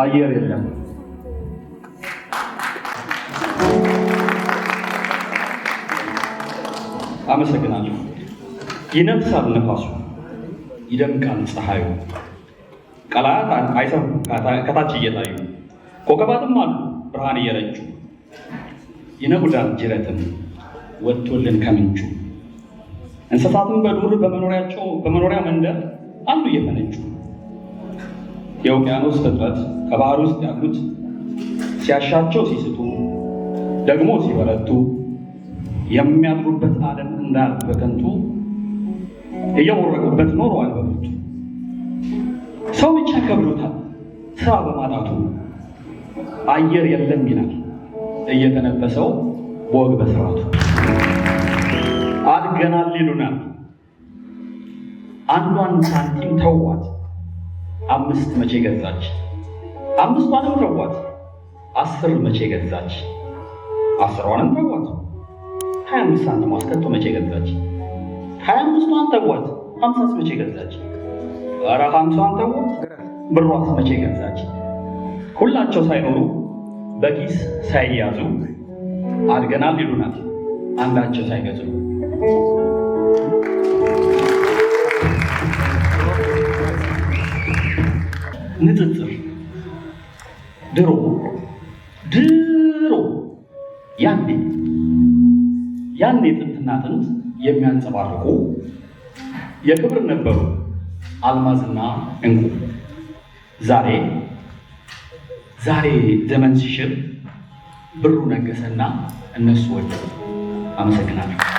አየር የለም። አመሰግናለሁ። ይነፍሳል ነፋሱ፣ ይደምቃል ፀሐዩ፣ ቀላያት አይሰሩ ከታች እየታዩ ኮከባትም አሉ ብርሃን እየረጩ ይነጉዳል ጅረትም ወጥቶልን ከምንጩ እንስሳትም በዱር በመኖሪያቸው በመኖሪያ መንደር አሉ እየፈነጩ የውቅያኖስ ፍጥረት ከባህር ውስጥ ያሉት ሲያሻቸው ሲስቱ ደግሞ ሲበረቱ የሚያድሩበት ዓለም እንዳል በከንቱ እየወረቁበት ኖረዋል። በሞቱ ሰው ብቻ ከብሎታል ስራ በማጣቱ አየር የለም ይላል እየተነበሰው በወግ በስርዓቱ አድገናል ይሉናል አንዷን ሳንቲም ተዋት አምስት መቼ ገዛች? አምስቷንም ተዋት። አስር መቼ ገዛች? አስሯንም ተዋት። ሀያ አምስት ሳንቲም አስከቶ መቼ ገዛች? ሀያ አምስቷን ተዋት። ሀምሳስ መቼ ገዛች? ኧረ ሀምሷን ተዋት። ብሯስ መቼ ገዛች? ሁላቸው ሳይኖሩ በኪስ ሳይያዙ አድገናል ይሉናል አንዳቸው ሳይገዙ ድሮ ድሮ ያኔ ያኔ ጥንትና ጥንት የሚያንጸባርቁ የክብር ነበሩ አልማዝና እንቁ። ዛሬ ዛሬ ዘመን ሲሽር ብሩ ነገሰና እነሱ ወደ አመሰግናለሁ።